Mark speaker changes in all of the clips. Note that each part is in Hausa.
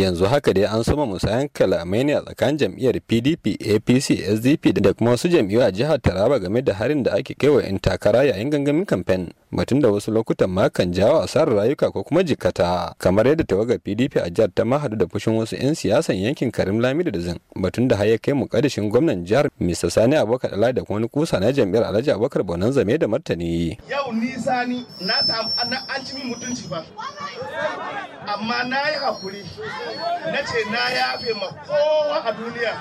Speaker 1: yanzu haka dai an sama musayan kalamai ne a tsakanin jam'iyyar pdp apc sdp da kuma wasu jam'iyyu a jihar taraba game da harin da ake kai wa 'yan takara yayin gangamin kamfen batun da wasu lokutan ma kan jawo asarar rayuka ko kuma jikata kamar yadda tawagar pdp a jihar ta mahadu da fushin wasu 'yan siyasan yankin karim lamido da zin batun da har ya kai mu mukaddashin gwamnan jihar mr sani abubakar ala da kuma kusa na jam'iyyar alhaji abubakar bonan zame da martani
Speaker 2: yau ni na samu an ci min mutunci fa amma na yi hakuri na ce na yafe ma kowa a duniya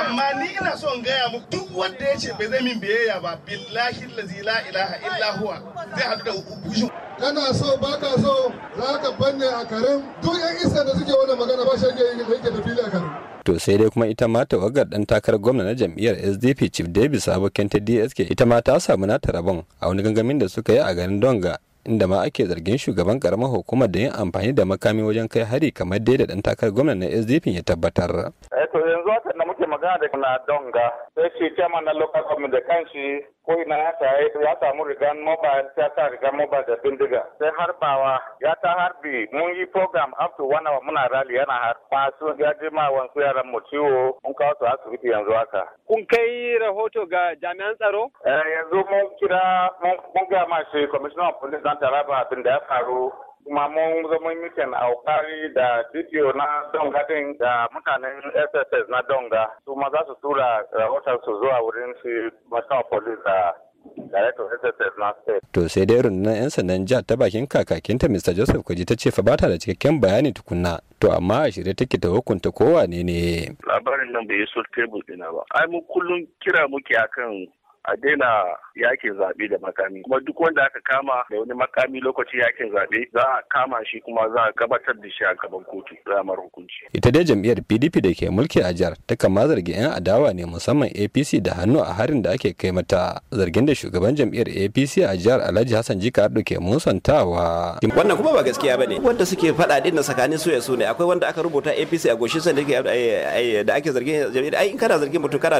Speaker 2: amma ni ina son gaya muku duk wanda ya ce bai zai min biyayya ba billahi lazi la ilaha illa huwa zai haɗu da hukushin kana so baka so za ka banne a karin duk yan isa da suke wannan magana ba shi da tafi a karin
Speaker 1: to sai dai kuma ita ma tawagar dan takarar gwamna na jam'iyyar sdp chief davis abokin ta dsk ita ma ta samu nata rabon a wani gangamin da suka yi a garin donga inda ma ake zargin shugaban karamar hukumar da yin amfani da makami wajen kai hari kamar dai da ɗan takarar gwamnan na SDP ya tabbatar.
Speaker 3: nake magana da na donga sai shi chairman na local government da kanshi ko ina ya saye ya samu rigan mobile ya sa rigan mobile da bindiga sai harbawa ya ta harbi mun yi program up to one hour muna rally yana har masu ya je ma wansu yaran mu ciwo mun kawo su asibiti yanzu haka kun kai rahoto ga jami'an tsaro eh yanzu mun kira mun ga ma shi commissioner of police dan Taraba abin da ya faru kuma mun zo mun da bidiyo na donga din da mutanen sss na donga su ma za su tura rahoton su zuwa wurin su masu police da
Speaker 1: To sai dai rundunar 'yan sandan jihar ta bakin kakakinta Mr. Joseph Kwaji ta ce fa ba ta da cikakken bayani tukunna. To amma a shirye take ta hukunta kowa ne ne.
Speaker 3: Labarin nan bai yi sur table ɗina ba. Ai mu kullum kira muke akan a daina yakin zaɓe da makami kuma duk wanda aka kama da wani makami lokacin yakin zaɓe za a kama shi kuma za a gabatar da shi a gaban kotu ramar hukunci.
Speaker 1: ita dai jam'iyyar pdp da ke mulki a jihar ta kama zargin 'yan adawa ne musamman apc da hannu a harin da ake kai mata zargin da shugaban jam'iyyar apc a jihar alhaji hassan jika ke musantawa. wannan kuma ba gaskiya ba ne wanda suke faɗa
Speaker 2: din na tsakanin su ya su ne akwai wanda aka rubuta apc a goshin sa da ake zargin jam'iyyar ai in kana zargin mutum kana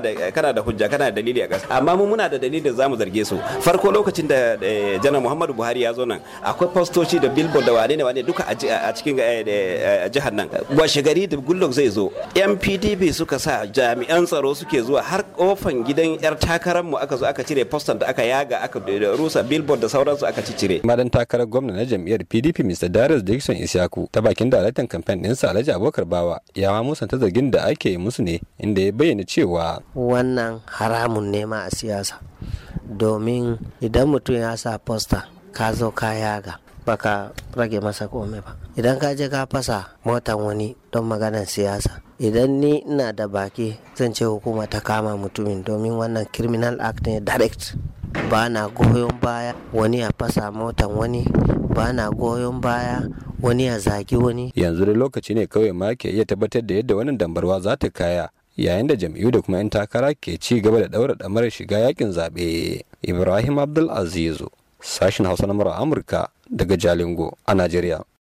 Speaker 2: da hujja kana da dalili a ƙasa amma mun muna da dalilin mu zarge su farko lokacin da eh, janar muhammadu buhari ya zo nan akwai fastoci da billboard da wane ne wane duka a cikin eh, eh, jihar nan washe gari da gullok zai zo yan pdp suka sa jami'an tsaro suke zuwa har kofan gidan yar takarar mu aka zo aka cire foston da aka yaga aka rusa billboard da sauransu aka
Speaker 1: cire madan takarar gwamna na jam'iyyar pdp mr darius dixon isyaku ta bakin daraktan kamfen sa alhaji abokar bawa ya ma musanta zargin da ake musu ne inda ya bayyana cewa
Speaker 2: wannan haramun ne ma a siya siyasa domin idan mutum ya sa posta ka zo ka yaga baka rage masa komai ba idan ka je ka fasa motan wani don maganar siyasa idan ni ina da baki zan ce hukuma ta kama mutumin domin wannan criminal act ne direct ba na goyon baya wani ya fasa motan wani ba na goyon baya wani ya zagi
Speaker 1: wani yanzu da lokaci ne kawai ma ke iya tabbatar da yadda wannan dambarwa za ta kaya yayin da jam'iyyu da kuma 'yan takara ke ci gaba da ɗaura damar shiga yakin zaɓe ibrahim abdulaziz sashen hausa na amurka daga jalingo a najeriya